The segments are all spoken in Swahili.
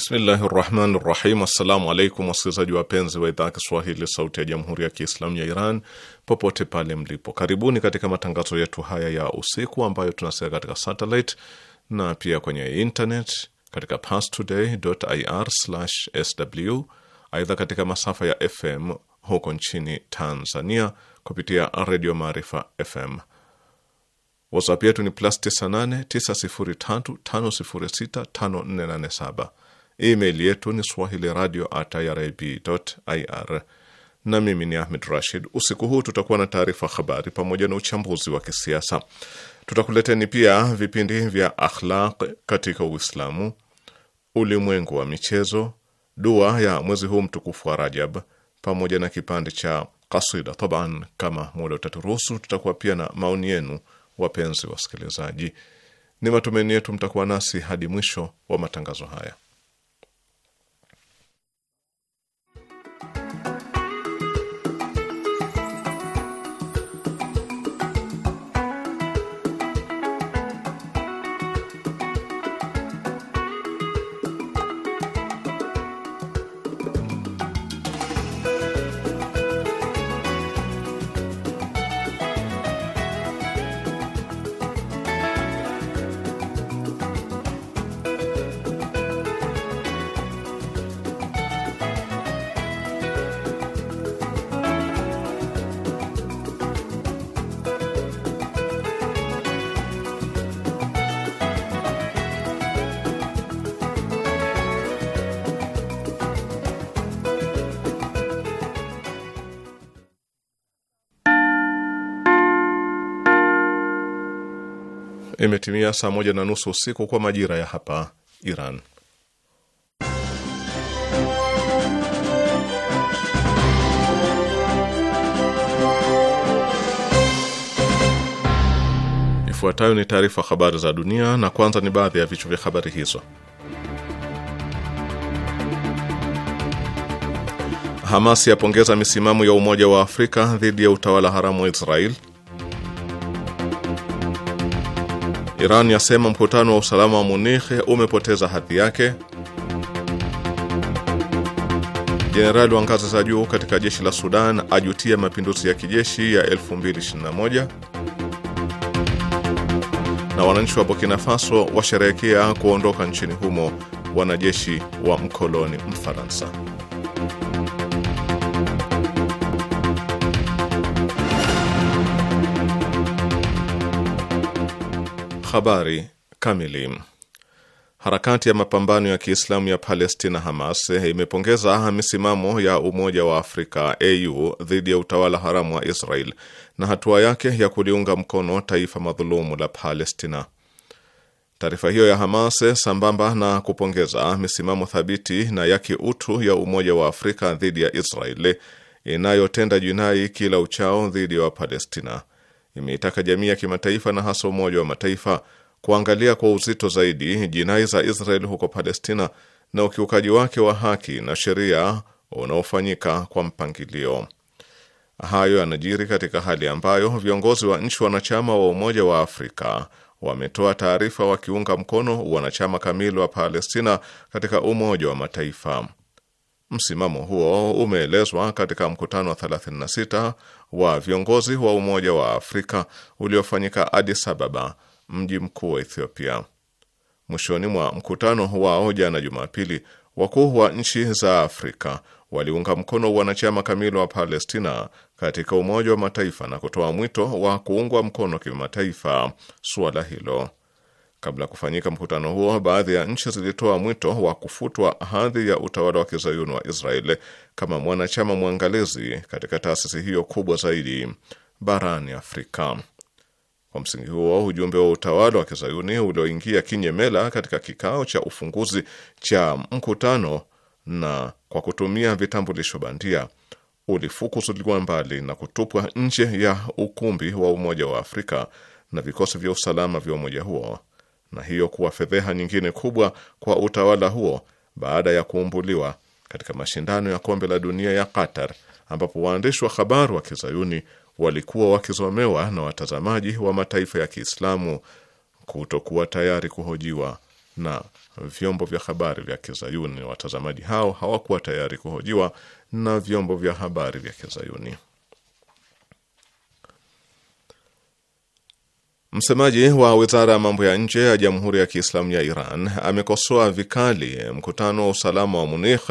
Bismillahi rahmani rahim. Assalamu alaikum wasikilizaji wapenzi wa idhaa Kiswahili sauti ya jamhuri ya Kiislamu ya Iran popote pale mlipo, karibuni katika matangazo yetu haya ya usiku ambayo tunasikia katika satellite na pia kwenye internet katika pastoday.ir/sw. Aidha, katika masafa ya FM huko nchini Tanzania kupitia Redio Maarifa FM. WhatsApp yetu ni plus 98 903 506 5487 Email yetu ni swahili radio at Na mimi ni Ahmed Rashid. Usiku huu tutakuwa na taarifa habari pamoja na uchambuzi wa kisiasa. Tutakuleteni pia vipindi vya akhlaq katika Uislamu, ulimwengu wa michezo, dua ya mwezi huu mtukufu wa Rajab, pamoja na kipande cha kasida taban. Kama muda utaturuhusu, tutakuwa pia na maoni yenu, wapenzi wasikilizaji. Ni matumaini yetu mtakuwa nasi hadi mwisho wa matangazo haya. kutimia saa moja na nusu usiku kwa majira ya hapa Iran. Ifuatayo ni taarifa habari za dunia, na kwanza ni baadhi ya vichwa vya habari hizo. Hamas yapongeza misimamo ya Umoja wa Afrika dhidi ya utawala haramu wa Israel. Iran yasema mkutano wa usalama wa Munich umepoteza hadhi yake. Jenerali wa ngazi za juu katika jeshi la Sudan ajutia mapinduzi ya kijeshi ya 2021 na wananchi wa Burkina Faso washerehekea kuondoka nchini humo wanajeshi wa mkoloni Mfaransa. Habari kamili. Harakati ya mapambano ya Kiislamu ya Palestina Hamas imepongeza misimamo ya Umoja wa Afrika AU dhidi ya utawala haramu wa Israel na hatua yake ya kuliunga mkono taifa madhulumu la Palestina. Taarifa hiyo ya Hamas sambamba na kupongeza misimamo thabiti na ya kiutu ya Umoja wa Afrika dhidi ya Israel inayotenda jinai kila uchao dhidi ya Wapalestina imeitaka jamii ya kimataifa na hasa Umoja wa Mataifa kuangalia kwa uzito zaidi jinai za Israel huko Palestina na ukiukaji wake wa haki na sheria unaofanyika kwa mpangilio. Hayo yanajiri katika hali ambayo viongozi wa nchi wanachama wa Umoja wa Afrika wametoa taarifa wakiunga mkono wanachama kamili wa Palestina katika Umoja wa Mataifa. Msimamo huo umeelezwa katika mkutano wa 36 wa viongozi wa Umoja wa Afrika uliofanyika Addis Ababa, mji mkuu wa Ethiopia. Mwishoni mwa mkutano wao jana Jumapili, wakuu wa nchi za Afrika waliunga mkono wanachama kamili wa Palestina katika Umoja wa Mataifa na kutoa mwito wa kuungwa mkono kimataifa suala hilo. Kabla ya kufanyika mkutano huo, baadhi ya nchi zilitoa mwito wa kufutwa hadhi ya utawala wa kizayuni wa Israeli kama mwanachama mwangalizi katika taasisi hiyo kubwa zaidi barani Afrika. Kwa msingi huo, ujumbe wa utawala wa kizayuni ulioingia kinyemela katika kikao cha ufunguzi cha mkutano na kwa kutumia vitambulisho bandia ulifukuzuliwa mbali na kutupwa nje ya ukumbi wa Umoja wa Afrika na vikosi vya usalama vya umoja huo na hiyo kuwa fedheha nyingine kubwa kwa utawala huo baada ya kuumbuliwa katika mashindano ya kombe la dunia ya Qatar, ambapo waandishi wa habari wa kizayuni walikuwa wakizomewa na watazamaji wa mataifa ya Kiislamu kutokuwa tayari kuhojiwa na vyombo vya habari vya kizayuni. Watazamaji hao hawakuwa tayari kuhojiwa na vyombo vya habari vya kizayuni. Msemaji wa wizara ya mambo ya nje ya Jamhuri ya Kiislamu ya Iran amekosoa vikali mkutano wa usalama wa Munich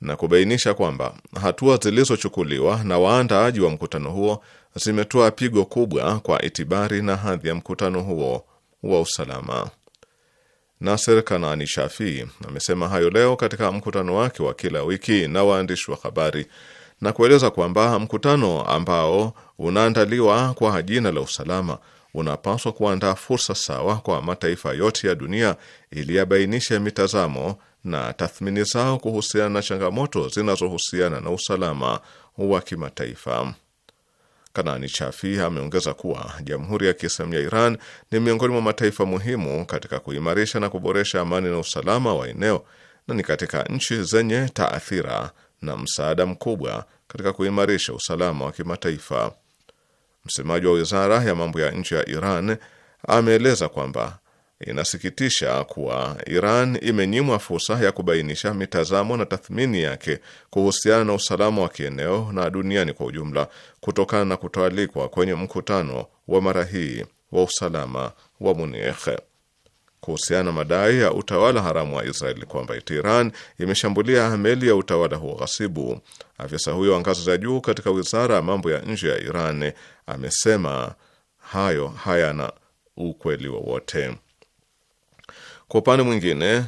na kubainisha kwamba hatua zilizochukuliwa na waandaaji wa mkutano huo zimetoa pigo kubwa kwa itibari na hadhi ya mkutano huo wa usalama. Nasser kanani Shafii amesema hayo leo katika mkutano wake wa kila wiki na waandishi wa habari na kueleza kwamba mkutano ambao unaandaliwa kwa jina la usalama unapaswa kuandaa fursa sawa kwa mataifa yote ya dunia ili yabainishe mitazamo na tathmini zao kuhusiana na changamoto zinazohusiana na usalama wa kimataifa. Kanani Chafi ameongeza kuwa Jamhuri ya Kiislamu ya Iran ni miongoni mwa mataifa muhimu katika kuimarisha na kuboresha amani na usalama wa eneo na ni katika nchi zenye taathira na msaada mkubwa katika kuimarisha usalama wa kimataifa. Msemaji wa wizara ya mambo ya nje ya Iran ameeleza kwamba inasikitisha kuwa Iran imenyimwa fursa ya kubainisha mitazamo na tathmini yake kuhusiana na usalama wa kieneo na duniani kwa ujumla kutokana na kutoalikwa kwenye mkutano wa mara hii wa usalama wa Munich kuhusiana na madai ya utawala haramu wa Israeli kwamba Iran imeshambulia meli ya utawala huo ghasibu. Afisa huyo wa ngazi za juu katika wizara ya mambo ya nje ya Iran amesema hayo hayana ukweli wowote. Kwa upande mwingine,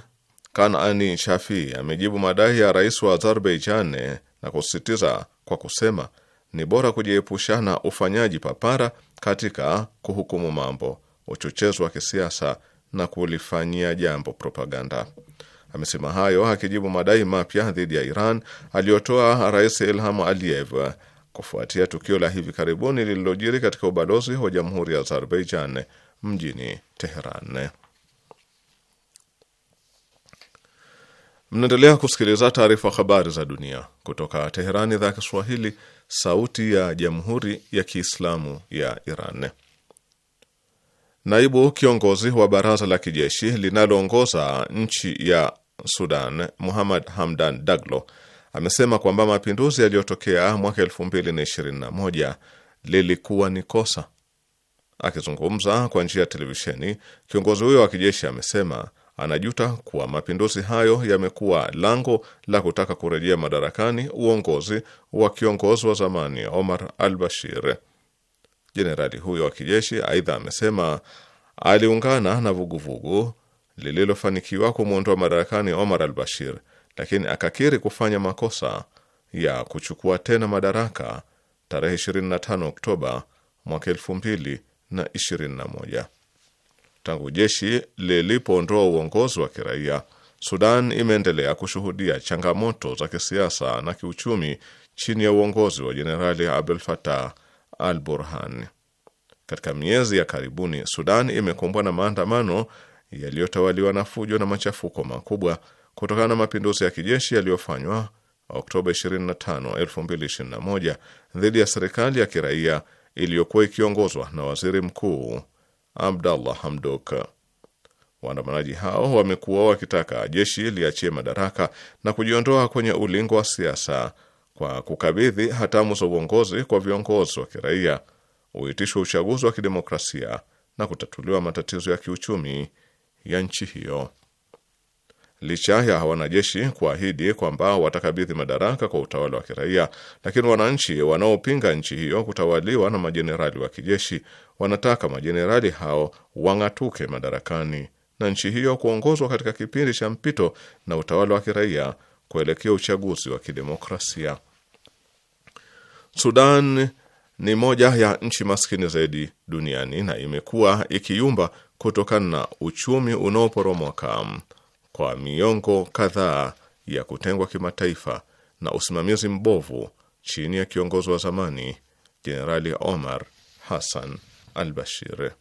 Kanani Shafii amejibu madai ya rais wa Azerbaijan na kusisitiza kwa kusema ni bora kujiepusha na ufanyaji papara katika kuhukumu mambo, uchochezi wa kisiasa na kulifanyia jambo propaganda. Amesema hayo akijibu madai mapya dhidi ya Iran aliyotoa Rais Ilham Aliyev kufuatia tukio la hivi karibuni lililojiri katika ubalozi wa Jamhuri ya Azerbaijan mjini Teheran. Mnaendelea kusikiliza taarifa habari za dunia kutoka Teherani, idhaa ya Kiswahili, sauti ya Jamhuri ya Kiislamu ya Iran naibu kiongozi wa baraza la kijeshi linaloongoza nchi ya Sudan, Muhammad Hamdan Daglo, amesema kwamba mapinduzi yaliyotokea mwaka 2021 lilikuwa ni kosa. Akizungumza kwa njia ya televisheni, kiongozi huyo wa kijeshi amesema anajuta kuwa mapinduzi hayo yamekuwa lango la kutaka kurejea madarakani uongozi wa kiongozi wa zamani Omar al-Bashir. Jenerali huyo wa kijeshi aidha amesema aliungana na vuguvugu lililofanikiwa kumwondoa madarakani Omar al Bashir, lakini akakiri kufanya makosa ya kuchukua tena madaraka tarehe 25 Oktoba mwaka 2021. Tangu jeshi lilipoondoa uongozi wa kiraia, Sudan imeendelea kushuhudia changamoto za kisiasa na kiuchumi chini ya uongozi wa Jenerali Abdel Fattah Al Burhan. Katika miezi ya karibuni, Sudan imekumbwa na maandamano yaliyotawaliwa na fujo na machafuko makubwa kutokana na mapinduzi ya kijeshi yaliyofanywa Oktoba 25, 2021 dhidi ya serikali ya kiraia iliyokuwa ikiongozwa na waziri mkuu Abdallah Hamdok. Waandamanaji hao wamekuwa wakitaka jeshi liachie madaraka na kujiondoa kwenye ulingo wa siasa kwa kukabidhi hatamu za uongozi kwa viongozi wa kiraia, uitishwe uchaguzi wa kidemokrasia na kutatuliwa matatizo ya kiuchumi ya nchi hiyo. Licha ya wanajeshi kuahidi kwamba watakabidhi madaraka kwa utawala wa kiraia, lakini wananchi wanaopinga nchi hiyo kutawaliwa na majenerali wa kijeshi wanataka majenerali hao wang'atuke madarakani na nchi hiyo kuongozwa katika kipindi cha mpito na utawala wa kiraia kuelekea uchaguzi wa kidemokrasia. Sudan ni moja ya nchi maskini zaidi duniani na imekuwa ikiyumba kutokana na uchumi unaoporomoka kwa miongo kadhaa ya kutengwa kimataifa na usimamizi mbovu chini ya kiongozi wa zamani Jenerali Omar Hassan al-Bashir.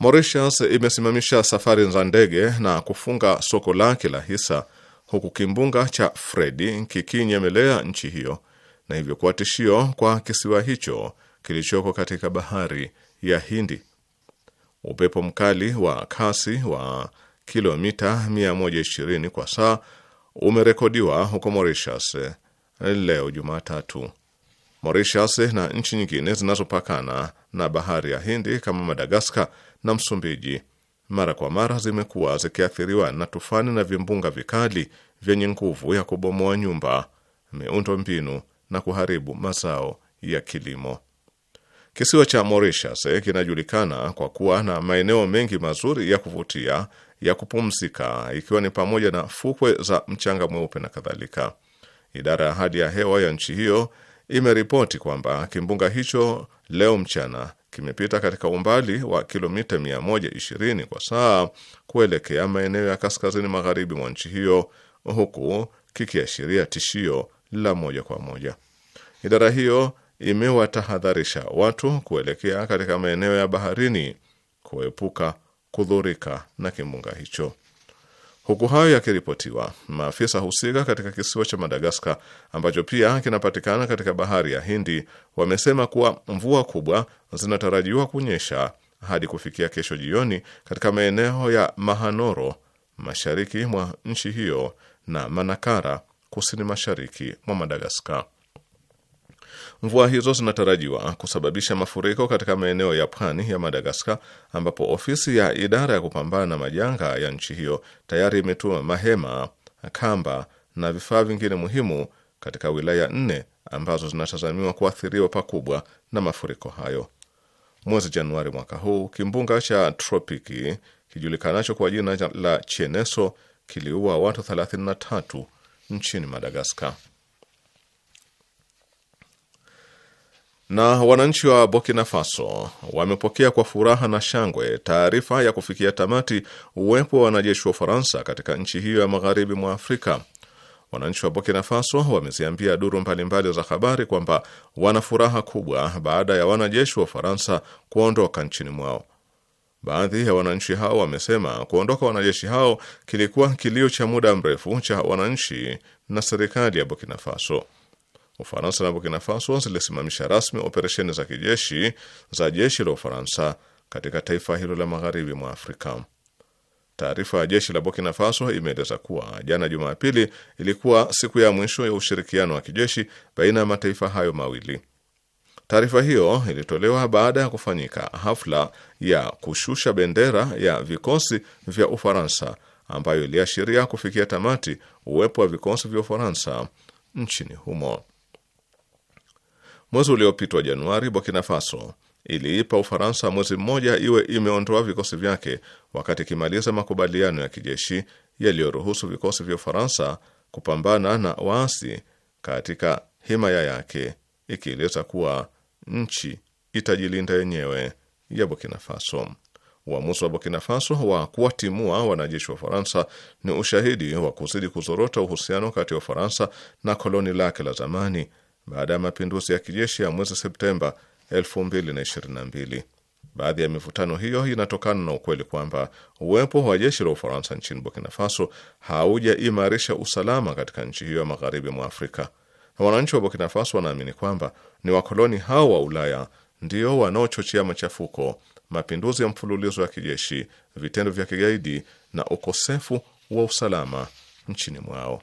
Mauritius imesimamisha safari za ndege na kufunga soko lake la hisa huku kimbunga cha Fredi kikinyemelea nchi hiyo na hivyo kuwa tishio kwa kisiwa hicho kilichoko katika bahari ya Hindi. Upepo mkali wa kasi wa kilomita 120 kwa saa umerekodiwa huko Mauritius leo Jumatatu. Mauritius na nchi nyingine zinazopakana na bahari ya Hindi kama Madagaskar na Msumbiji mara kwa mara zimekuwa zikiathiriwa na tufani na vimbunga vikali vyenye nguvu ya kubomoa nyumba, miundo mbinu na kuharibu mazao ya kilimo. Kisiwa cha Mauritius kinajulikana kwa kuwa na maeneo mengi mazuri ya kuvutia ya kupumzika, ikiwa ni pamoja na fukwe za mchanga mweupe na kadhalika. Idara ya hali ya hewa ya nchi hiyo imeripoti kwamba kimbunga hicho leo mchana kimepita katika umbali wa kilomita 120 kwa saa kuelekea maeneo ya kaskazini magharibi mwa nchi hiyo, huku kikiashiria tishio la moja kwa moja. Idara hiyo imewatahadharisha watu kuelekea katika maeneo ya baharini kuepuka kudhurika na kimbunga hicho. Huku hayo yakiripotiwa, maafisa husika katika kisiwa cha Madagaskar ambacho pia kinapatikana katika bahari ya Hindi wamesema kuwa mvua kubwa zinatarajiwa kunyesha hadi kufikia kesho jioni katika maeneo ya Mahanoro mashariki mwa nchi hiyo na Manakara kusini mashariki mwa Madagaskar. Mvua hizo zinatarajiwa kusababisha mafuriko katika maeneo ya pwani ya Madagaskar, ambapo ofisi ya idara ya kupambana na majanga ya nchi hiyo tayari imetuma mahema, kamba na vifaa vingine muhimu katika wilaya nne ambazo zinatazamiwa kuathiriwa pakubwa na mafuriko hayo. Mwezi Januari mwaka huu, kimbunga cha tropiki kijulikanacho kwa jina la Cheneso kiliua watu 33 nchini Madagaskar. Na wananchi wa Burkina Faso wamepokea kwa furaha na shangwe taarifa ya kufikia tamati uwepo wa wanajeshi wa Ufaransa katika nchi hiyo ya magharibi mwa Afrika. Wananchi wa Burkina Faso wameziambia duru mbalimbali za habari kwamba wana furaha kubwa baada ya wanajeshi wa Ufaransa kuondoka nchini mwao. Baadhi ya wananchi hao wamesema kuondoka wanajeshi hao kilikuwa kilio cha muda mrefu cha wananchi na serikali ya Burkina Faso. Ufaransa na Burkina Faso zilisimamisha rasmi operesheni za kijeshi za jeshi la Ufaransa katika taifa hilo la magharibi mwa Afrika. Taarifa ya jeshi la Burkina Faso imeeleza kuwa jana Jumapili ilikuwa siku ya mwisho ya ushirikiano wa kijeshi baina ya mataifa hayo mawili. Taarifa hiyo ilitolewa baada ya kufanyika hafla ya kushusha bendera ya vikosi vya Ufaransa ambayo iliashiria kufikia tamati uwepo wa vikosi vya Ufaransa nchini humo. Mwezi uliopitwa Januari, Burkina Faso iliipa Ufaransa mwezi mmoja iwe imeondoa vikosi vyake wakati ikimaliza makubaliano ya kijeshi yaliyoruhusu vikosi vya Ufaransa kupambana na waasi katika himaya yake, ikieleza kuwa nchi itajilinda yenyewe ya Burkina Faso. Uamuzi wa Burkina Faso wa kuwatimua wanajeshi wa Ufaransa ni ushahidi wa kuzidi kuzorota uhusiano kati ya Ufaransa na koloni lake la zamani baada ya mapinduzi ya kijeshi ya mwezi Septemba 2022. Baadhi ya mivutano hiyo inatokana na ukweli kwamba uwepo wa jeshi la Ufaransa nchini Burkina Faso haujaimarisha usalama katika nchi hiyo ya magharibi mwa Afrika. Wananchi wa Burkina Faso wanaamini kwamba ni wakoloni hao wa Ulaya ndio wanaochochea machafuko, mapinduzi ya mfululizo ya kijeshi, vitendo vya kigaidi na ukosefu wa usalama nchini mwao.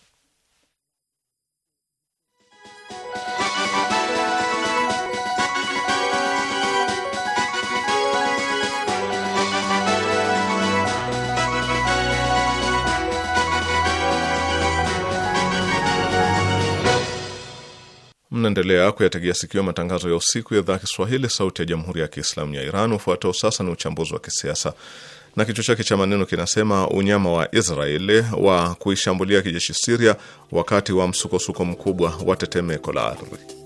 Mnaendelea kuyategea sikio matangazo ya usiku ya idhaa Kiswahili sauti ya jamhuri ya Kiislamu ya Iran. Ufuatao sasa ni uchambuzi wa kisiasa na kichwa chake cha maneno kinasema unyama wa Israeli wa kuishambulia kijeshi Siria wakati wa msukosuko mkubwa wa tetemeko la ardhi.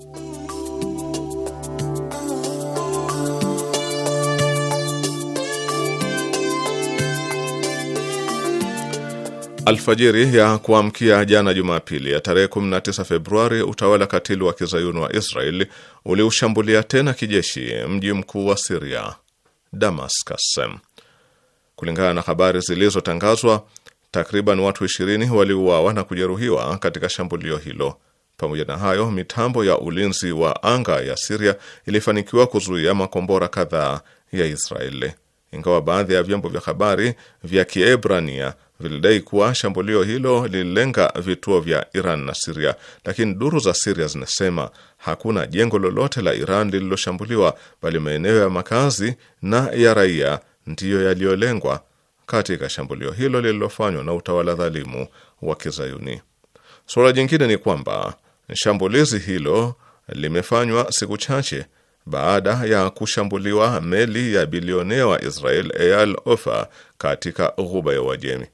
Alfajiri ya kuamkia jana Jumapili ya tarehe 19 Februari, utawala katili wa kizayuni wa Israeli uliushambulia tena kijeshi mji mkuu wa Siria, Damascus. Kulingana na habari zilizotangazwa, takriban watu 20 waliuawa na kujeruhiwa katika shambulio hilo. Pamoja na hayo, mitambo ya ulinzi wa anga ya Siria ilifanikiwa kuzuia makombora kadhaa ya Israeli, ingawa baadhi ya vyombo vya habari vya Kiebrania vilidai kuwa shambulio hilo lililenga vituo vya Iran na Siria, lakini duru za Siria zinasema hakuna jengo lolote la Iran lililoshambuliwa, bali maeneo ya makazi na ya raia ndiyo yaliyolengwa katika shambulio hilo lililofanywa na utawala dhalimu wa Kizayuni. Suala jingine ni kwamba shambulizi hilo limefanywa siku chache baada ya kushambuliwa meli ya bilionea wa Israel Eyal Ofer katika ghuba ya Uajemi.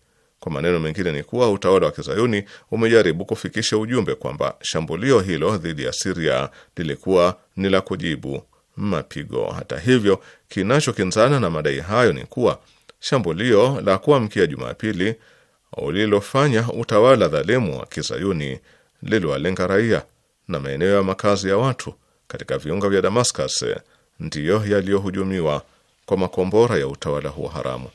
Kwa maneno mengine ni kuwa utawala wa kizayuni umejaribu kufikisha ujumbe kwamba shambulio hilo dhidi ya Siria lilikuwa ni la kujibu mapigo. Hata hivyo, kinachokinzana na madai hayo ni kuwa shambulio la kuamkia Jumapili ulilofanya utawala dhalimu wa kizayuni liliwalenga raia na maeneo ya makazi ya watu katika viunga vya Damascus ndiyo yaliyohujumiwa kwa makombora ya utawala huo haramu.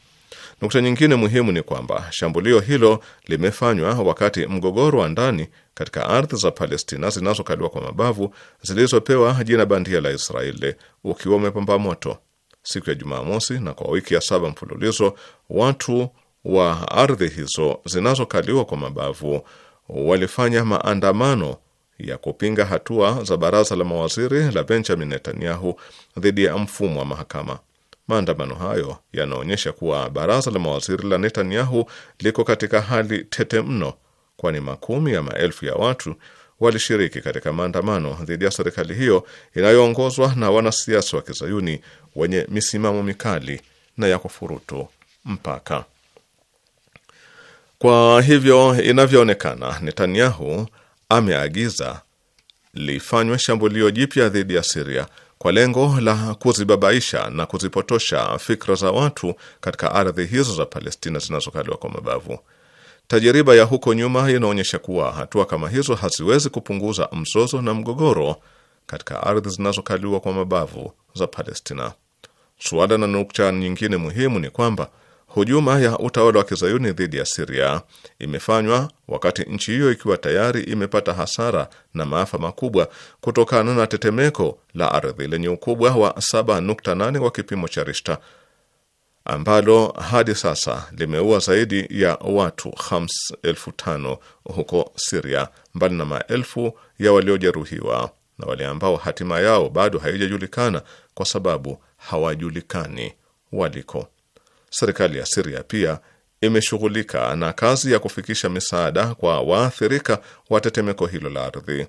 Nukta nyingine muhimu ni kwamba shambulio hilo limefanywa wakati mgogoro wa ndani katika ardhi za Palestina zinazokaliwa kwa mabavu zilizopewa jina bandia la Israeli ukiwa umepamba moto siku ya Jumamosi, na kwa wiki ya saba mfululizo watu wa ardhi hizo zinazokaliwa kwa mabavu walifanya maandamano ya kupinga hatua za baraza la mawaziri la Benjamin Netanyahu dhidi ya mfumo wa mahakama. Maandamano hayo yanaonyesha kuwa baraza la mawaziri la Netanyahu liko katika hali tete mno, kwani makumi ya maelfu ya watu walishiriki katika maandamano dhidi ya serikali hiyo inayoongozwa na wanasiasa wa kizayuni wenye misimamo mikali na ya kufurutu mpaka. Kwa hivyo inavyoonekana, Netanyahu ameagiza lifanywe shambulio jipya dhidi ya Siria kwa lengo la kuzibabaisha na kuzipotosha fikra za watu katika ardhi hizo za Palestina zinazokaliwa kwa mabavu. Tajiriba ya huko nyuma inaonyesha kuwa hatua kama hizo haziwezi kupunguza mzozo na mgogoro katika ardhi zinazokaliwa kwa mabavu za Palestina. Suala na nukta nyingine muhimu ni kwamba Hujuma ya utawala wa kizayuni dhidi ya Siria imefanywa wakati nchi hiyo ikiwa tayari imepata hasara na maafa makubwa kutokana na tetemeko la ardhi lenye ukubwa wa 7.8 wa kipimo cha Rishta ambalo hadi sasa limeua zaidi ya watu elfu tano huko Siria, mbali na maelfu ya waliojeruhiwa na wale ambao hatima yao bado haijajulikana kwa sababu hawajulikani waliko. Serikali ya Siria pia imeshughulika na kazi ya kufikisha misaada kwa waathirika wa tetemeko hilo la ardhi.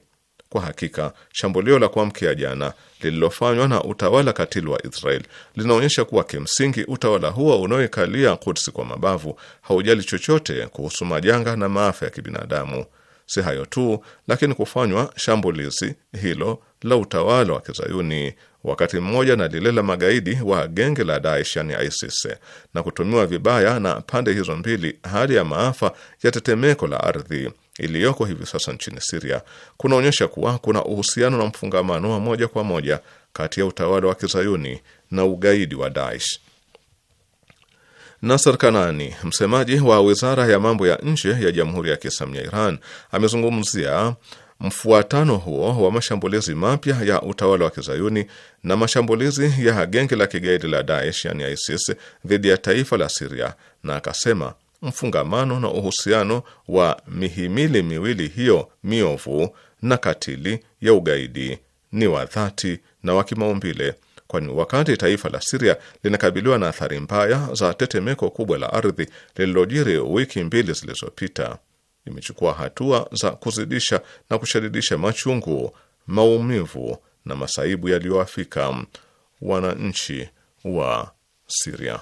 Kwa hakika shambulio la kuamkia jana lililofanywa na utawala katili wa Israel linaonyesha kuwa kimsingi utawala huo unaoikalia Kudsi kwa mabavu haujali chochote kuhusu majanga na maafa ya kibinadamu. Si hayo tu, lakini kufanywa shambulizi hilo la utawala wa kizayuni wakati mmoja na lile la magaidi wa genge la Daesh yani ISIS na kutumiwa vibaya na pande hizo mbili, hali ya maafa ya tetemeko la ardhi iliyoko hivi sasa nchini Siria kunaonyesha kuwa kuna uhusiano na mfungamano wa moja kwa moja kati ya utawala wa kizayuni na ugaidi wa Daesh. Nasser Kanani, msemaji wa wizara ya mambo ya nje ya Jamhuri ya Kiislamu ya Iran, amezungumzia Mfuatano huo wa mashambulizi mapya ya utawala wa kizayuni na mashambulizi ya genge la kigaidi la Daesh yani ISIS dhidi ya taifa la Siria, na akasema mfungamano na uhusiano wa mihimili miwili hiyo miovu na katili ya ugaidi ni wa dhati na wa kimaumbile, kwani wakati taifa la Siria linakabiliwa na athari mbaya za tetemeko kubwa la ardhi lililojiri wiki mbili zilizopita imechukua hatua za kuzidisha na kushadidisha machungu, maumivu na masaibu yaliyoafika wananchi wa Siria.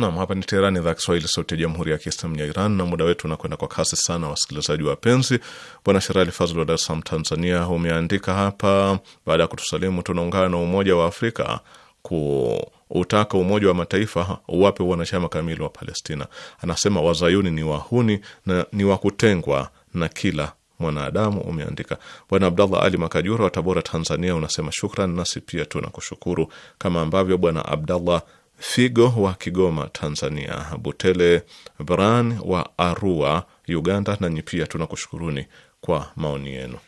Nam, hapa ni Teherani, idhaa Kiswahili, sauti ya jamhuri ya kiislamu ya Iran. Na muda wetu unakwenda kwa kasi sana, wasikilizaji wapenzi. Bwana Sherali Fazl wa Dar es Salaam, Tanzania, umeandika hapa, baada ya kutusalimu, tunaungana na Umoja wa Afrika kuutaka Umoja wa Mataifa uwape wanachama kamili wa Palestina. Anasema wazayuni ni wahuni na ni wa kutengwa na kila mwanadamu umeandika. Bwana Abdallah Ali Makajura wa Tabora, Tanzania, unasema shukran, nasi pia tunakushukuru kama ambavyo Bwana Abdallah Figo wa Kigoma, Tanzania, Butele Bran wa Arua, Uganda. Nanyi pia tunakushukuruni kwa maoni yenu.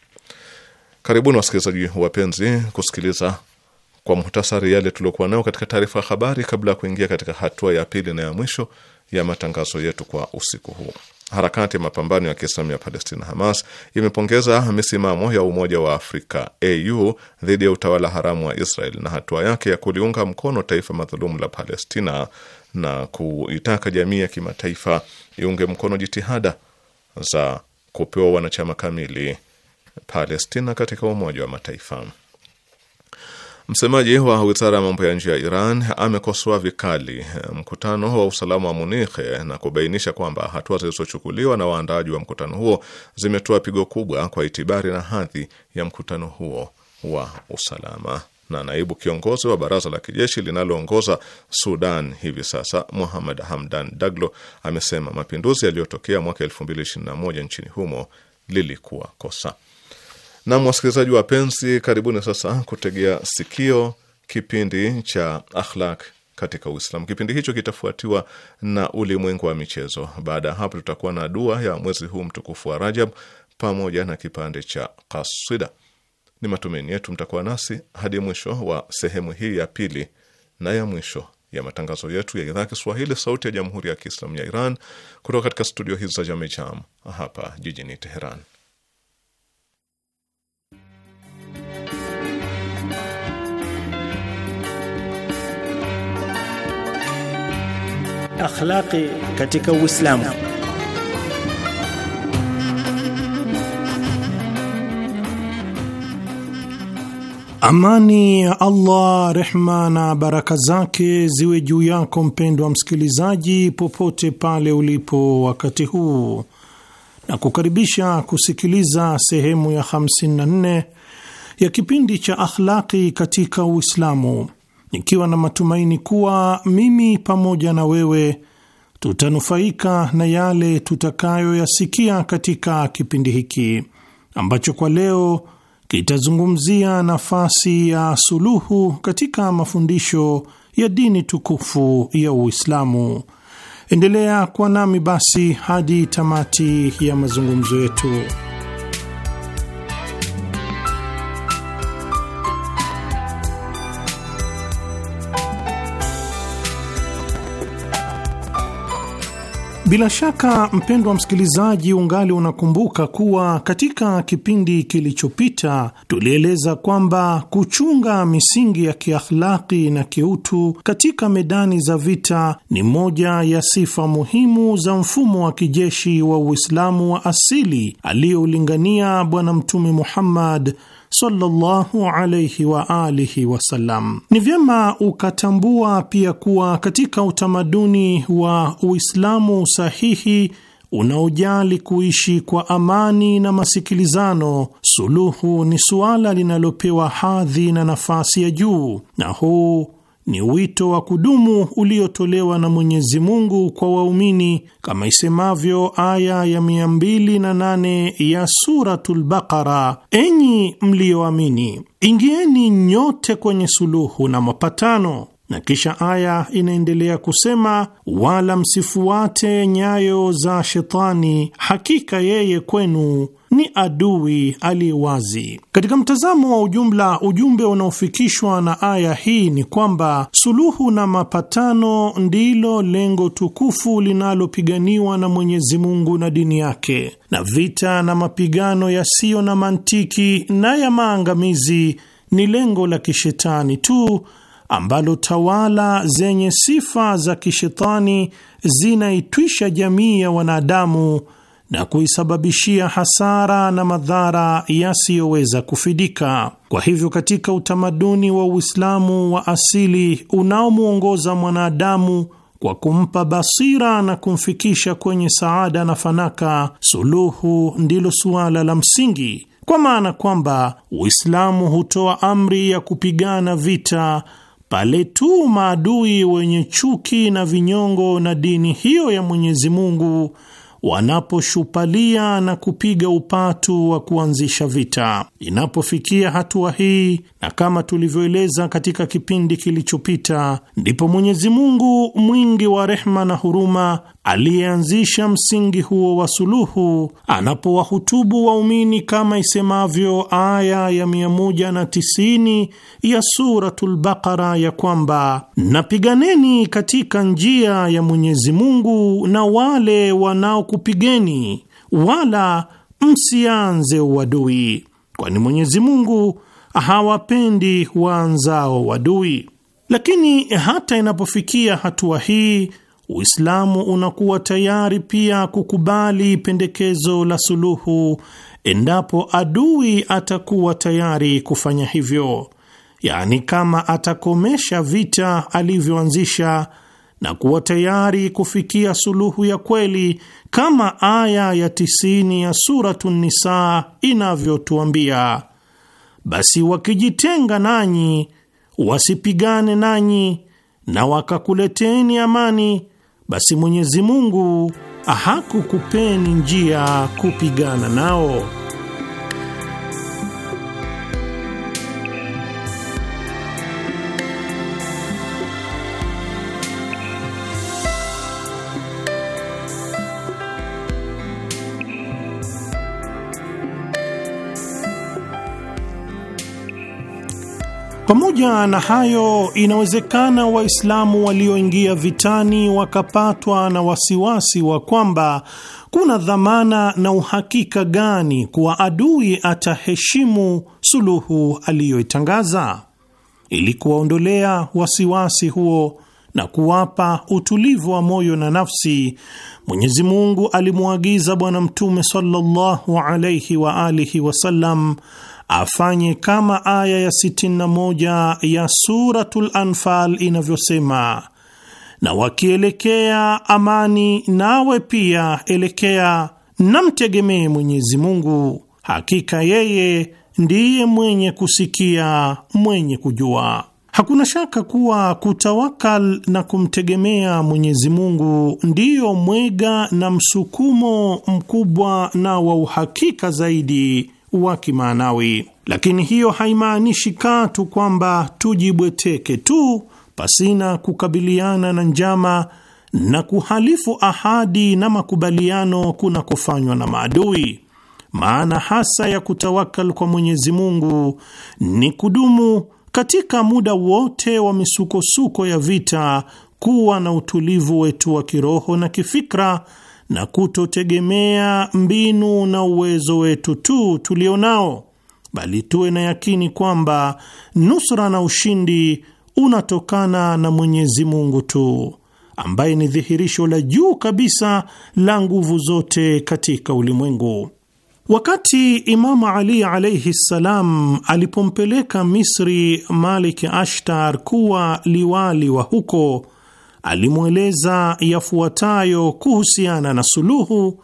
Karibuni wasikilizaji wapenzi kusikiliza kwa muhtasari yale tuliokuwa nayo katika taarifa ya habari, kabla ya kuingia katika hatua ya pili na ya mwisho ya matangazo yetu kwa usiku huu harakati ya mapambano ya Kiislamu ya Palestina, Hamas, imepongeza misimamo ya Umoja wa Afrika au dhidi ya utawala haramu wa Israel na hatua yake ya kuliunga mkono taifa madhulumu la Palestina na kuitaka jamii ya kimataifa iunge mkono jitihada za kupewa wanachama kamili Palestina katika Umoja wa Mataifa. Msemaji wa wizara ya mambo ya nje ya Iran amekosoa vikali eh, mkutano wa usalama wa Munich eh, na kubainisha kwamba hatua zilizochukuliwa na waandaaji wa mkutano huo zimetoa pigo kubwa kwa itibari na hadhi ya mkutano huo wa usalama. Na naibu kiongozi wa baraza la kijeshi linaloongoza Sudan hivi sasa Muhammad Hamdan Daglo amesema mapinduzi yaliyotokea mwaka 2021 nchini humo lilikuwa kosa. Nam, wasikilizaji wapenzi, karibuni sasa kutegea sikio kipindi cha akhlak katika Uislamu. Kipindi hicho kitafuatiwa na ulimwengu wa michezo. Baada ya hapo, tutakuwa na dua ya mwezi huu mtukufu wa Rajab pamoja na kipande cha kasida. Ni matumaini yetu mtakuwa nasi hadi mwisho wa sehemu hii ya pili na ya mwisho ya matangazo yetu ya idhaa ya Kiswahili, Sauti ya Jamhuri ya Kiislamu ya Iran, kutoka katika studio hizi za Jamejam hapa jijini Teheran. Akhlaqi katika Uislamu. Amani ya Allah, rehma na baraka zake ziwe juu yako mpendwa msikilizaji, popote pale ulipo wakati huu, na kukaribisha kusikiliza sehemu ya 54 ya kipindi cha Akhlaqi katika Uislamu nikiwa na matumaini kuwa mimi pamoja na wewe tutanufaika na yale tutakayoyasikia katika kipindi hiki ambacho kwa leo kitazungumzia nafasi ya suluhu katika mafundisho ya dini tukufu ya Uislamu. Endelea kuwa nami basi hadi tamati ya mazungumzo yetu. Bila shaka mpendwa msikilizaji, ungali unakumbuka kuwa katika kipindi kilichopita tulieleza kwamba kuchunga misingi ya kiakhlaki na kiutu katika medani za vita ni moja ya sifa muhimu za mfumo wa kijeshi wa Uislamu wa asili aliyoulingania Bwana Mtume Muhammad sallallahu alayhi wa alihi wasallam. Ni vyema ukatambua pia kuwa katika utamaduni wa Uislamu sahihi unaojali kuishi kwa amani na masikilizano, suluhu ni suala linalopewa hadhi na nafasi ya juu, na huu ni wito wa kudumu uliotolewa na Mwenyezi Mungu kwa waumini kama isemavyo aya ya 208 ya Suratul Baqara: enyi mliyoamini, ingieni nyote kwenye suluhu na mapatano na kisha aya inaendelea kusema, wala msifuate nyayo za Shetani, hakika yeye kwenu ni adui aliye wazi. Katika mtazamo wa ujumla, ujumbe unaofikishwa na aya hii ni kwamba suluhu na mapatano ndilo lengo tukufu linalopiganiwa na Mwenyezi Mungu na dini yake, na vita na mapigano yasiyo na mantiki na ya maangamizi ni lengo la kishetani tu ambalo tawala zenye sifa za kishetani zinaitwisha jamii ya wanadamu na kuisababishia hasara na madhara yasiyoweza kufidika. Kwa hivyo, katika utamaduni wa Uislamu wa asili unaomwongoza mwanadamu kwa kumpa basira na kumfikisha kwenye saada na fanaka, suluhu ndilo suala la msingi, kwa maana kwamba Uislamu hutoa amri ya kupigana vita pale tu maadui wenye chuki na vinyongo na dini hiyo ya Mwenyezi Mungu wanaposhupalia na kupiga upatu wa kuanzisha vita. Inapofikia hatua hii, na kama tulivyoeleza katika kipindi kilichopita, ndipo Mwenyezi Mungu mwingi wa rehma na huruma aliyeanzisha msingi huo wa suluhu anapowahutubu waumini kama isemavyo aya ya 190 ya Suratul Baqara ya kwamba napiganeni katika njia ya Mwenyezi Mungu na wale wanao kupigeni wala msianze uadui, kwani Mwenyezi Mungu hawapendi waanzao uadui. Lakini hata inapofikia hatua hii, Uislamu unakuwa tayari pia kukubali pendekezo la suluhu endapo adui atakuwa tayari kufanya hivyo, yaani kama atakomesha vita alivyoanzisha na kuwa tayari kufikia suluhu ya kweli kama aya ya tisini ya Suratu Nisa inavyotuambia, basi wakijitenga nanyi wasipigane nanyi na wakakuleteni amani, basi Mwenyezi Mungu hakukupeni njia kupigana nao. Pamoja na hayo, inawezekana Waislamu walioingia vitani wakapatwa na wasiwasi wa kwamba kuna dhamana na uhakika gani kuwa adui ataheshimu suluhu aliyoitangaza. Ili kuwaondolea wasiwasi huo na kuwapa utulivu wa moyo na nafsi, Mwenyezi Mungu alimwagiza Bwana Mtume sallallahu alaihi wa alihi wasallam afanye kama aya ya 61 ya Suratul Anfal inavyosema, na wakielekea amani nawe pia elekea, na mtegemee Mwenyezi Mungu, hakika yeye ndiye mwenye kusikia mwenye kujua. Hakuna shaka kuwa kutawakal na kumtegemea Mwenyezi Mungu ndiyo mwega na msukumo mkubwa na wa uhakika zaidi wa kimaanawi. Lakini hiyo haimaanishi katu kwamba tujibweteke tu pasina kukabiliana na njama na kuhalifu ahadi na makubaliano kunakofanywa na maadui. Maana hasa ya kutawakal kwa Mwenyezi Mungu ni kudumu katika muda wote wa misukosuko ya vita, kuwa na utulivu wetu wa kiroho na kifikra na kutotegemea mbinu na uwezo wetu tu tulio nao, bali tuwe na yakini kwamba nusra na ushindi unatokana na Mwenyezi Mungu tu ambaye ni dhihirisho la juu kabisa la nguvu zote katika ulimwengu. Wakati Imamu Ali alaihi ssalam alipompeleka Misri Malik Ashtar kuwa liwali wa huko alimweleza yafuatayo kuhusiana na suluhu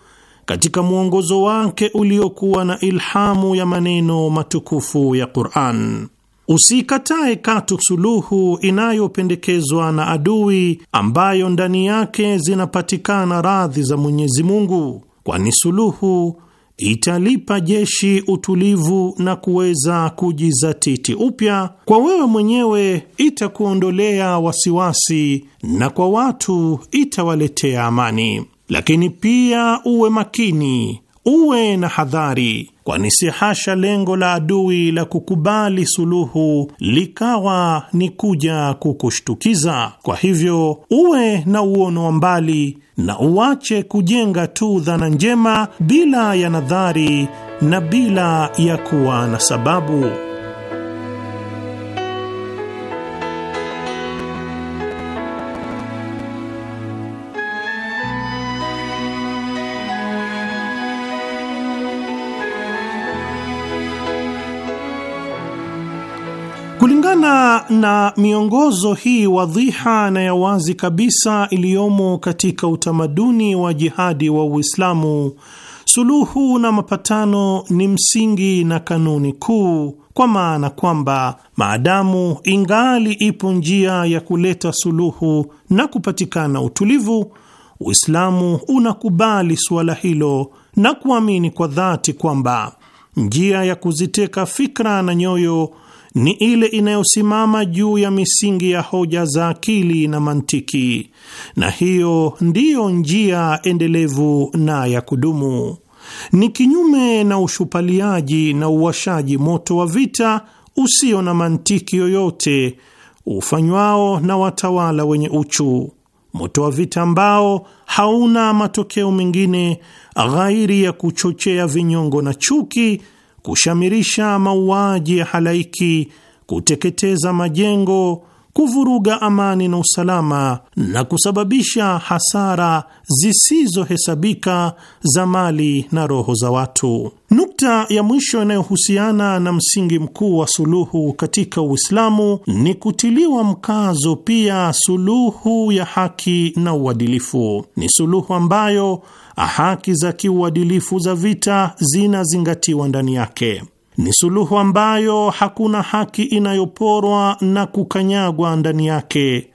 katika mwongozo wake uliokuwa na ilhamu ya maneno matukufu ya Qur'an. Usikatae katu suluhu inayopendekezwa na adui ambayo ndani yake zinapatikana radhi za Mwenyezi Mungu, kwani suluhu italipa jeshi utulivu na kuweza kujizatiti upya kwa wewe mwenyewe, itakuondolea wasiwasi na kwa watu itawaletea amani. Lakini pia uwe makini, uwe na hadhari kwani si hasha lengo la adui la kukubali suluhu likawa ni kuja kukushtukiza. Kwa hivyo uwe na uono wa mbali na uache kujenga tu dhana njema bila ya nadhari na bila ya kuwa na sababu. Kutokana na miongozo hii wadhiha na ya wazi kabisa iliyomo katika utamaduni wa jihadi wa Uislamu, suluhu na mapatano ni msingi na kanuni kuu, kwa maana kwamba maadamu ingali ipo njia ya kuleta suluhu na kupatikana utulivu, Uislamu unakubali suala hilo na kuamini kwa dhati kwamba njia ya kuziteka fikra na nyoyo ni ile inayosimama juu ya misingi ya hoja za akili na mantiki, na hiyo ndiyo njia endelevu na ya kudumu. Ni kinyume na ushupaliaji na uwashaji moto wa vita usio na mantiki yoyote ufanywao na watawala wenye uchu, moto wa vita ambao hauna matokeo mengine ghairi ya kuchochea vinyongo na chuki kushamirisha mauaji ya halaiki, kuteketeza majengo kuvuruga amani na usalama na kusababisha hasara zisizohesabika za mali na roho za watu. Nukta ya mwisho inayohusiana na msingi mkuu wa suluhu katika Uislamu ni kutiliwa mkazo pia suluhu ya haki na uadilifu. Ni suluhu ambayo haki za kiuadilifu za vita zinazingatiwa ndani yake ni suluhu ambayo hakuna haki inayoporwa na kukanyagwa ndani yake.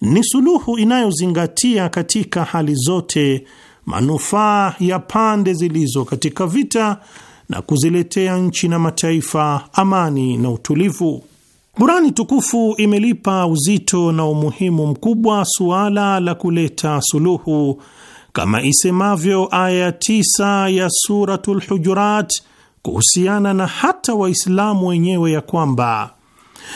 Ni suluhu inayozingatia katika hali zote manufaa ya pande zilizo katika vita na kuziletea nchi na mataifa amani na utulivu. Kurani tukufu imelipa uzito na umuhimu mkubwa suala la kuleta suluhu, kama isemavyo aya 9 ya Suratul Hujurat kuhusiana na hata Waislamu wenyewe ya kwamba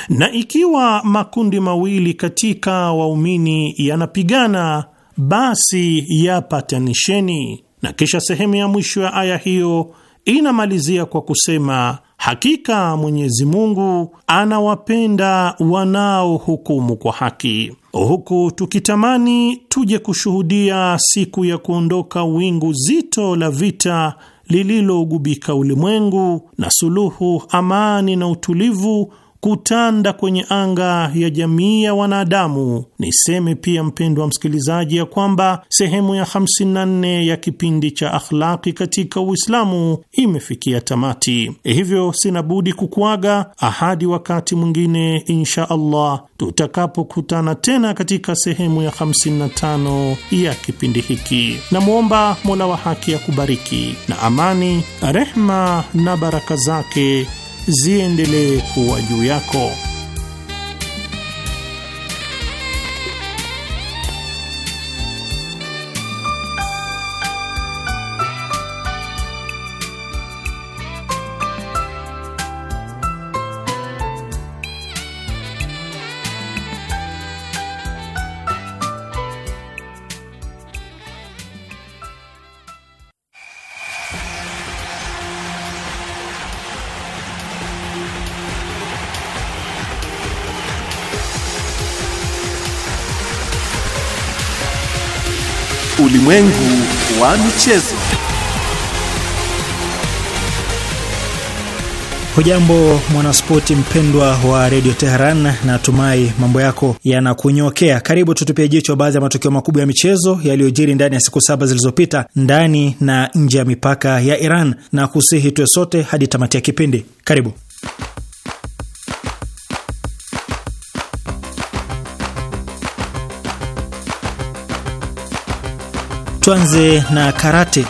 na ikiwa makundi mawili katika waumini yanapigana, basi yapatanisheni. Na kisha sehemu ya mwisho ya aya hiyo inamalizia kwa kusema hakika Mwenyezi Mungu anawapenda wanaohukumu kwa haki, huku tukitamani tuje kushuhudia siku ya kuondoka wingu zito la vita lililogubika ulimwengu na suluhu, amani na utulivu kutanda kwenye anga ya jamii ya wanadamu. Niseme pia mpendwa msikilizaji, ya kwamba sehemu ya 54 ya kipindi cha akhlaki katika Uislamu imefikia tamati, hivyo sina budi kukuaga ahadi. Wakati mwingine insha Allah tutakapokutana tena katika sehemu ya 55 ya kipindi hiki. Namwomba Mola wa haki ya kubariki na amani, rehma na baraka zake ziendelee kuwa juu yako. Ulimwengu wa michezo. Hujambo mwanaspoti mpendwa wa redio Teheran, na tumai mambo yako yanakunyokea. Karibu tutupie jicho baadhi ya matukio makubwa ya michezo yaliyojiri ndani ya siku saba zilizopita ndani na nje ya mipaka ya Iran, na kusihi tuwe sote hadi tamati ya kipindi. Karibu. Tuanze na karate.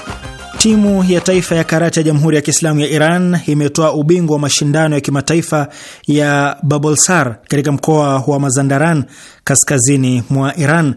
Timu ya taifa ya karate ya Jamhuri ya Kiislamu ya Iran imetoa ubingwa wa mashindano ya kimataifa ya Babolsar katika mkoa wa Mazandaran kaskazini mwa Iran.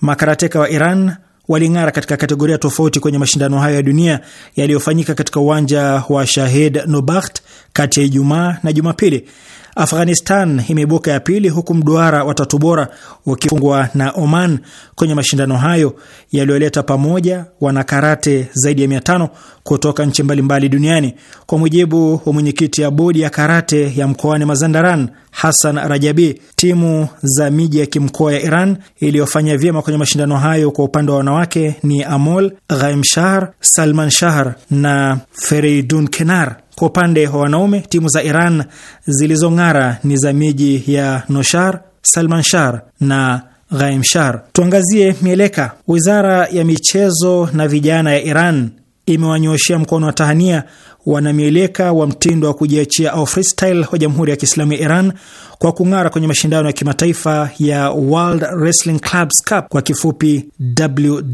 Makarateka wa Iran waling'ara katika kategoria tofauti kwenye mashindano hayo ya dunia yaliyofanyika katika uwanja wa Shahid Nobakht kati ya Ijumaa na Jumapili. Afghanistan imeibuka ya pili huku mduara wa tatu bora wakifungwa na Oman kwenye mashindano hayo yaliyoleta pamoja wanakarate zaidi ya 500 kutoka nchi mbalimbali duniani. Kwa mujibu wa mwenyekiti ya bodi ya karate ya mkoani Mazandaran, Hassan Rajabi, timu za miji ya kimkoa ya Iran iliyofanya vyema kwenye mashindano hayo kwa upande wa wanawake ni Amol ghaimshahr Salman Shahr na Fereidun Kenar. Kwa upande wa wanaume, timu za Iran zilizong'ara ni za miji ya Noshar, Salmanshar na Ghaimshar. Tuangazie mieleka. Wizara ya michezo na vijana ya Iran imewanyoshea mkono wa tahania wanamieleka wa mtindo wa kujiachia au freestyle wa Jamhuri ya Kiislamu ya Iran kwa kung'ara kwenye mashindano ya kimataifa ya World Wrestling Clubs Cup kwa kifupi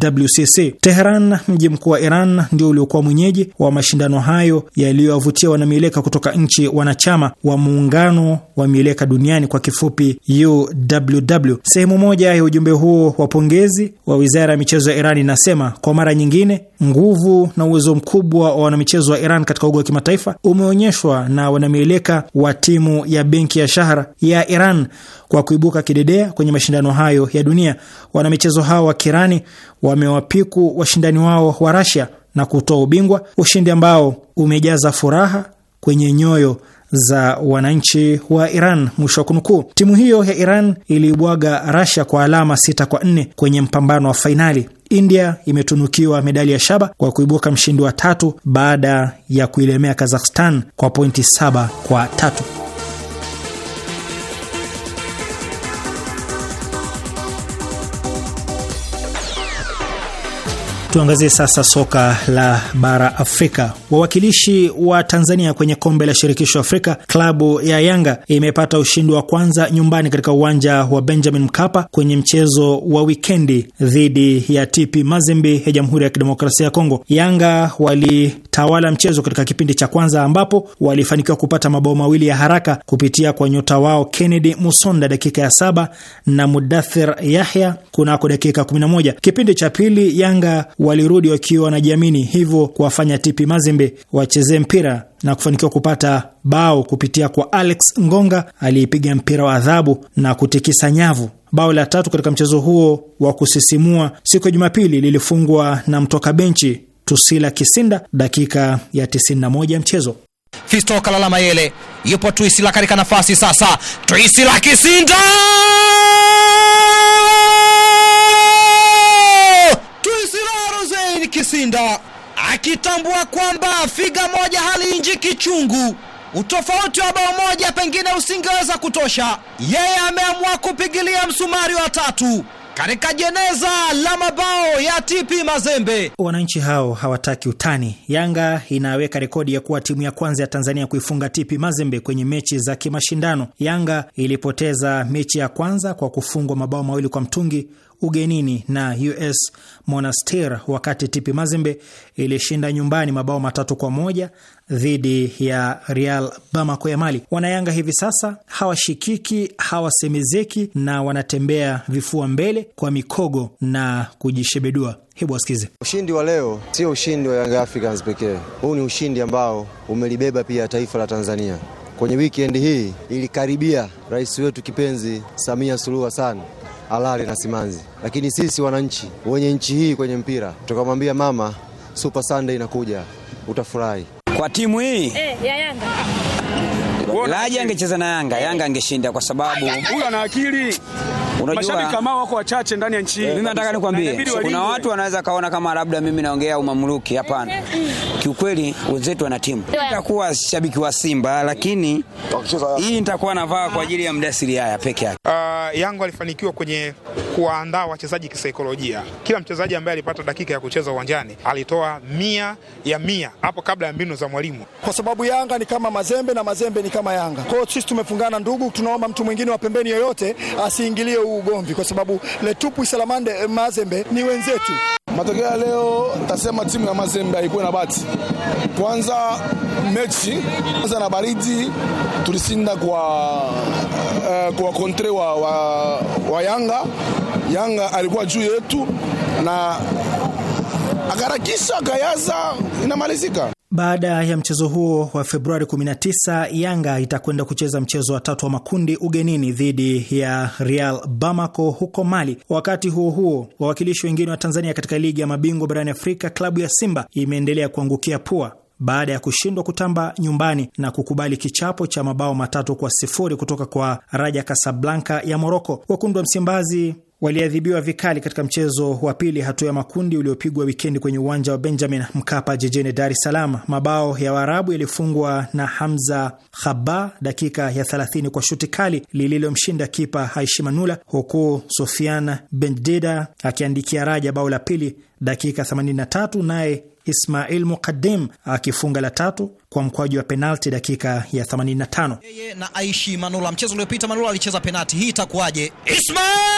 WWCC. Teheran, mji mkuu wa Iran, ndio uliokuwa mwenyeji wa mashindano hayo yaliyowavutia wanamieleka kutoka nchi wanachama wa Muungano wa Mieleka Duniani kwa kifupi UWW. Sehemu moja ya ujumbe huo wa pongezi wa Wizara ya Michezo ya Iran inasema, kwa mara nyingine, nguvu na uwezo mkubwa wa wanamichezo wa Iran katika ugo wa kimataifa umeonyeshwa na wanamieleka wa timu ya benki ya Shahra ya Iran kwa kuibuka kidedea kwenye mashindano hayo ya dunia. Wanamichezo hao wa Kirani wamewapiku washindani wao wa Rasia na kutoa ubingwa, ushindi ambao umejaza furaha kwenye nyoyo za wananchi wa Iran, mwisho wa kunukuu. Timu hiyo ya Iran iliibwaga Rasia kwa alama sita kwa nne kwenye mpambano wa fainali. India imetunukiwa medali ya shaba kwa kuibuka mshindi wa tatu baada ya kuilemea Kazakhstan kwa pointi saba kwa tatu. Tuangazie sasa soka la bara Afrika. Wawakilishi wa Tanzania kwenye kombe la shirikisho Afrika, klabu ya Yanga imepata ushindi wa kwanza nyumbani katika uwanja wa Benjamin Mkapa kwenye mchezo wa wikendi dhidi ya TP Mazembe ya Jamhuri ya Kidemokrasia ya Kongo. Yanga walitawala mchezo katika kipindi cha kwanza, ambapo walifanikiwa kupata mabao mawili ya haraka kupitia kwa nyota wao Kennedy Musonda dakika ya saba na Mudathir Yahya kunako dakika 11. Kipindi cha pili Yanga walirudi wakiwa wanajiamini, hivyo kuwafanya Tipi Mazembe wachezee mpira na kufanikiwa kupata bao kupitia kwa Alex Ngonga aliyepiga mpira wa adhabu na kutikisa nyavu. Bao la tatu katika mchezo huo wa kusisimua siku ya Jumapili lilifungwa na mtoka benchi Tusila Kisinda dakika ya 91 ya mchezo. Fisto Kalala Mayele yupo Tuisila katika nafasi sasa, Tuisila Kisinda Hussein Kisinda akitambua kwamba figa moja hali njiki chungu, utofauti wa bao moja pengine usingeweza kutosha. Yeye ameamua kupigilia msumari wa tatu katika jeneza la mabao ya TP Mazembe. Wananchi hao hawataki utani. Yanga inaweka rekodi ya kuwa timu ya kwanza ya Tanzania kuifunga TP Mazembe kwenye mechi za kimashindano. Yanga ilipoteza mechi ya kwanza kwa kufungwa mabao mawili kwa mtungi ugenini na US Monastir, wakati Tipi Mazembe ilishinda nyumbani mabao matatu kwa moja dhidi ya Real Bamako ya Mali. Wanayanga hivi sasa hawashikiki, hawasemezeki na wanatembea vifua mbele kwa mikogo na kujishebedua. Hebu wasikize. Ushindi wa leo sio ushindi wa Yanga Africans pekee, huu ni ushindi ambao umelibeba pia taifa la Tanzania kwenye wikendi hii ilikaribia rais wetu kipenzi Samia Suluhu Hassan alali na simanzi, lakini sisi wananchi wenye nchi hii kwenye mpira tukamwambia mama, Super Sunday inakuja, utafurahi kwa timu hii eh, ya Yanga. Laji angecheza na Yanga, eh. Yanga angeshinda kwa sababu huyu ana akili. Mashabiki kama wako wachache ndani ya nchi. Mimi nataka nikwambie, kuna watu wanaweza kaona kama labda mimi naongea umamuluki Hapana, eh, eh, mm kiukweli wenzetu wana timu. Nitakuwa shabiki wa Simba, lakini hii nitakuwa navaa kwa ajili ya mdasiri haya peke yake. Uh, Yanga alifanikiwa kwenye kuwaandaa wachezaji kisaikolojia. Kila mchezaji ambaye alipata dakika ya kucheza uwanjani alitoa mia ya mia hapo kabla ya mbinu za mwalimu, kwa sababu Yanga ni kama Mazembe na Mazembe ni kama Yanga. Kwa hiyo sisi tumefungana ndugu, tunaomba mtu mwingine wa pembeni yoyote asiingilie huu ugomvi, kwa sababu Letupu isalamande Mazembe ni wenzetu. Matokeo ya leo tasema timu ya Mazembe haikuwa na bati Kwanza mechi kwanza na baridi tulishinda kwa uh, kwa kontre wa, wa, wa Yanga. Yanga alikuwa juu yetu na akarakisha akayaza, inamalizika. Baada ya mchezo huo wa Februari 19, Yanga itakwenda kucheza mchezo wa tatu wa makundi ugenini dhidi ya Real Bamako huko Mali. Wakati huo huo, wawakilishi wengine wa Tanzania katika ligi ya mabingwa barani Afrika, klabu ya Simba imeendelea kuangukia pua baada ya kushindwa kutamba nyumbani na kukubali kichapo cha mabao matatu kwa sifuri kutoka kwa Raja Kasablanka ya Moroko. Wekundu wa Msimbazi waliadhibiwa vikali katika mchezo wa pili hatua ya makundi uliopigwa wikendi kwenye uwanja wa Benjamin Mkapa jijini Dar es Salaam. Mabao ya Waarabu yalifungwa na Hamza Khaba dakika ya 30 kwa shuti kali lililomshinda kipa Aishi Manula, huku sofian Bendida akiandikia Raja bao la pili dakika 83, naye Ismail Mukadim akifunga la tatu kwa mkwaji wa penalti dakika ya 85. Yeye na Aishi Manula, mchezo uliopita Manula alicheza penalti, hii itakuwaje? Ismail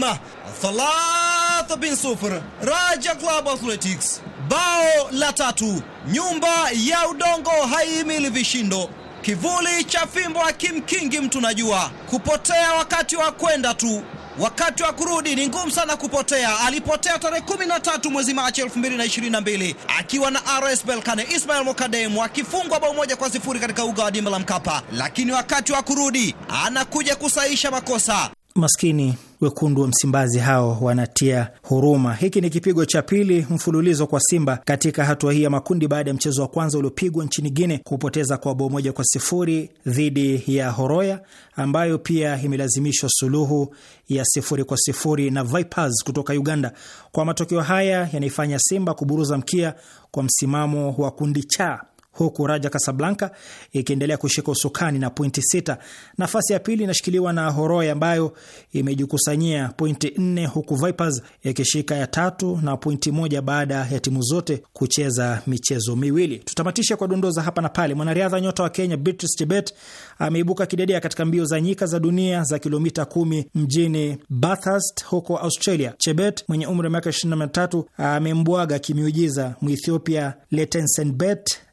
Chadema thalatha bin sufur, Raja Club Athletics bao la tatu. Nyumba ya udongo haimili vishindo, kivuli cha fimbo hakimkingi mtu. Najua kupotea wakati wa kwenda tu, wakati wa kurudi ni ngumu sana kupotea. Alipotea tarehe 13 mwezi Machi 2022 akiwa na RS belkane Ismail Mokadem akifungwa bao moja kwa sifuri katika uga wa dimba la Mkapa, lakini wakati wa kurudi anakuja kusaisha makosa maskini wekundu wa Msimbazi hao wanatia huruma. Hiki ni kipigo cha pili mfululizo kwa Simba katika hatua hii ya makundi baada ya mchezo wa kwanza uliopigwa nchini Guine kupoteza kwa bao moja kwa sifuri dhidi ya Horoya ambayo pia imelazimishwa suluhu ya sifuri kwa sifuri na Vipers kutoka Uganda. Kwa matokeo haya yanaifanya Simba kuburuza mkia kwa msimamo wa kundi cha huku Raja Kasablanka ikiendelea kushika usukani na pointi sita. Nafasi ya pili inashikiliwa na Horoy ambayo imejikusanyia pointi nne huku Vipers ikishika ya tatu na pointi moja baada ya timu zote kucheza michezo miwili. Tutamatisha kwa dondoza hapa na pale. Mwanariadha nyota wa Kenya Beatrice Chebet ameibuka kidedea katika mbio za nyika za dunia za kilomita kumi mjini Bathurst huko Australia. Chebet mwenye umri wa miaka 23 amembwaga kimiujiza Mwethiopia Letensenbet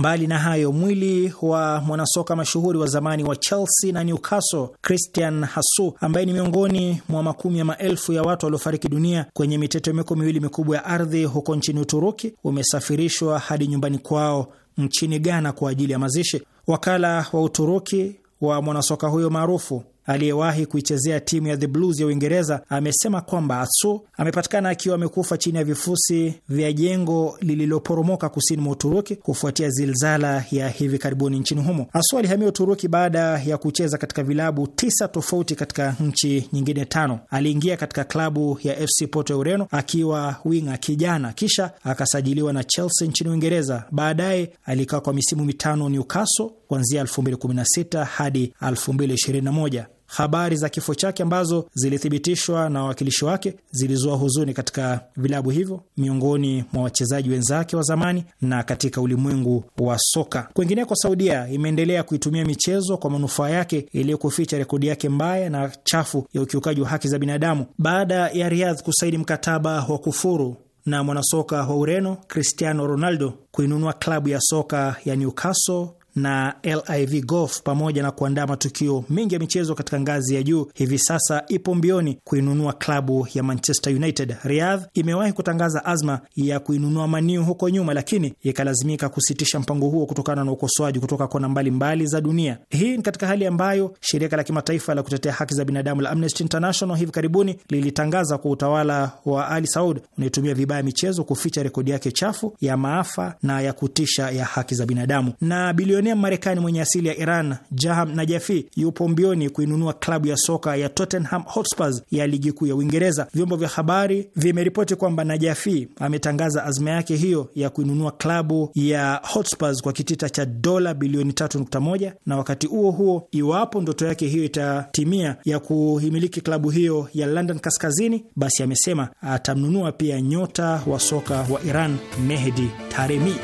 Mbali na hayo, mwili wa mwanasoka mashuhuri wa zamani wa Chelsea na Newcastle Christian Hasu, ambaye ni miongoni mwa makumi ya maelfu ya watu waliofariki dunia kwenye mitetemeko miwili mikubwa ya ardhi huko nchini Uturuki, umesafirishwa hadi nyumbani kwao nchini Ghana kwa ajili ya mazishi. Wakala wa Uturuki wa mwanasoka huyo maarufu aliyewahi kuichezea timu ya the Blues ya Uingereza amesema kwamba Atsu amepatikana akiwa amekufa chini ya vifusi vya jengo lililoporomoka kusini mwa Uturuki kufuatia zilzala ya hivi karibuni nchini humo. Atsu alihamia Uturuki baada ya kucheza katika vilabu tisa tofauti katika nchi nyingine tano. Aliingia katika klabu ya FC Porto ya Ureno akiwa winga kijana, kisha akasajiliwa na Chelsea nchini Uingereza. Baadaye alikaa kwa misimu mitano Newcastle kuanzia 2016 hadi 2021 habari za kifo chake ambazo zilithibitishwa na wawakilishi wake zilizua huzuni katika vilabu hivyo, miongoni mwa wachezaji wenzake wa zamani na katika ulimwengu wa soka. Kwingineko, Saudia imeendelea kuitumia michezo kwa manufaa yake ili kuficha rekodi yake mbaya na chafu ya ukiukaji wa haki za binadamu baada ya Riyadh kusaini mkataba wa kufuru na mwanasoka wa Ureno Cristiano Ronaldo kuinunua klabu ya soka ya Newcastle na LIV Golf pamoja na kuandaa matukio mengi ya michezo katika ngazi ya juu, hivi sasa ipo mbioni kuinunua klabu ya Manchester United. Riyadh imewahi kutangaza azma ya kuinunua Maniu huko nyuma, lakini ikalazimika kusitisha mpango huo kutokana na ukosoaji kutoka kona mbalimbali za dunia. Hii ni katika hali ambayo shirika la kimataifa la kutetea haki za binadamu la Amnesty International hivi karibuni lilitangaza kwa utawala wa Ali Saud unaitumia vibaya michezo kuficha rekodi yake chafu ya maafa na ya kutisha ya haki za binadamu na bilioni Bilionea Marekani mwenye asili ya Iran Jaham Najafi yupo mbioni kuinunua klabu ya soka ya Tottenham Hotspurs ya ligi kuu ya Uingereza. Vyombo vya habari vimeripoti kwamba Najafi ametangaza azma yake hiyo ya kuinunua klabu ya Hotspurs kwa kitita cha dola bilioni 3.1, na wakati huo huo, iwapo ndoto yake hiyo itatimia ya kuhimiliki klabu hiyo ya London kaskazini, basi amesema atamnunua pia nyota wa soka wa Iran Mehdi Taremi.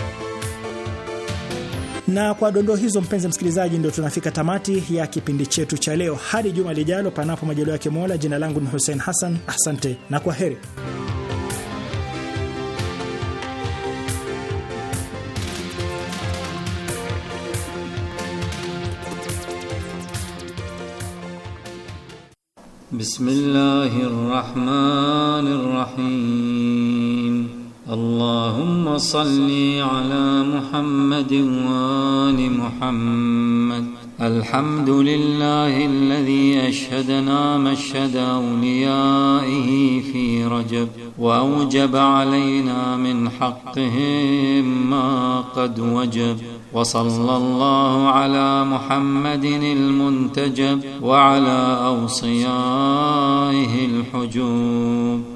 Na kwa dondoo hizo, mpenzi msikilizaji, ndio tunafika tamati ya kipindi chetu cha leo. Hadi juma lijalo, panapo majaliwa yake Mola. Jina langu ni Hussein Hassan, asante na kwa heri. اللهم صل على محمد وآل محمد الحمد لله الذي أشهدنا مشهد أوليائه في رجب وأوجب علينا من حقهم ما قد وجب وصلى الله على محمد المنتجب وعلى أوصيائه الحجوب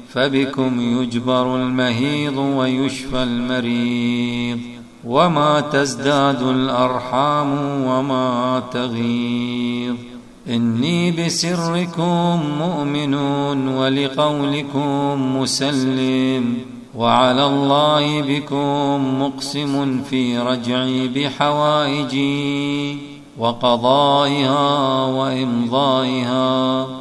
فبكم يجبر المهيض ويشفى المريض وما تزداد الارحام وما تغيض اني بسركم مؤمن ولقولكم مسلم وعلى الله بكم مقسم في رجعي بحوائجي وقضائها وامضائها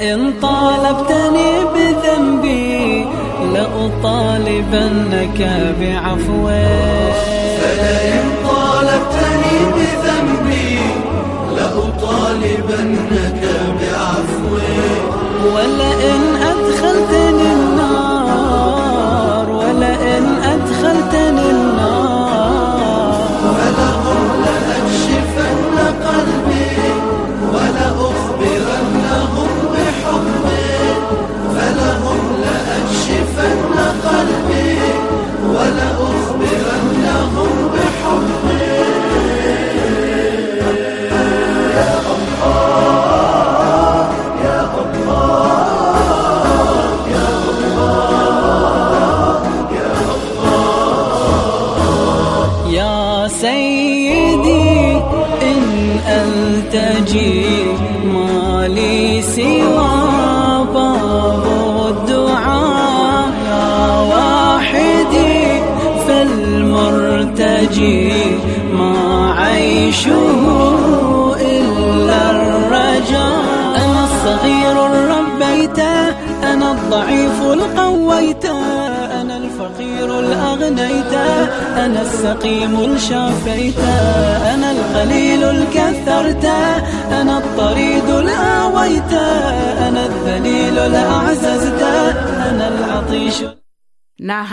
لئن طالبتني بذنبي لأطالبنك بعفوك فلئن طالبتني بذنبي لأطالبنك بعفوك ولئن